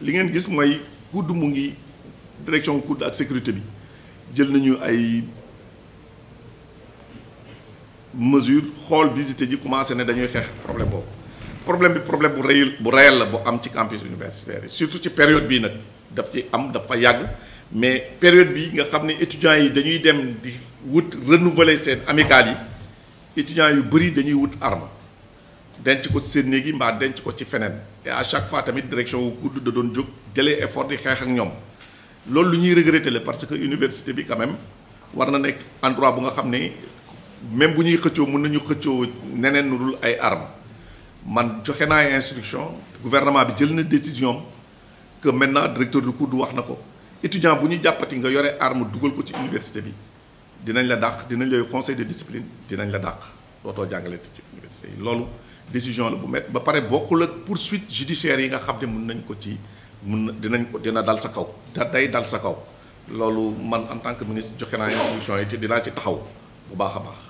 li ngeen gis mooy COUD mu ngi direction COUD ak sécurité bi jël nañu ay mesure xool visité ji commencé ne dañuy xeex problème boobu problème bi problème bu réel bu réel la bu am ci campus universitaire yi surtout ci période bii nag daf ci am dafa yàgg mais période bi nga xam ne étudiants yi dañuy dem di wut renouveler seen amical yi étudiants yu bëri dañuy wut arme denc ko ci seen néeg yi mbaa denc ko ci feneen et à chaque fois tamit direction wu COUD da doon jóg jëlee effort di xeex ak ñoom loolu lu ñuy regretter la parce que université bi quand war na nekk endroit bu nga xam ne même bu ñuy xëccoo mën nañu xëccoo neneen lu dul ay armes man joxe naa ay instruction bi jël na décision que maintenant directeur du COUD wax na ko étudiant bu ñu jàppati nga yore arme dugal ko ci université bi dinañ la dàq dinañ la conseil de discipline dinañ la dàq. dootoo jàngaleeti ci loolu décision la bu met ba pare bokkul ak poursuite judiciaire yi nga xam ne mun nañ ko ci mun na dinañ ko dina dal sa kaw da day dal sa kaw loolu man en tant que ministre joxe naa instruction yi te dinaa ci taxaw bu baax a baax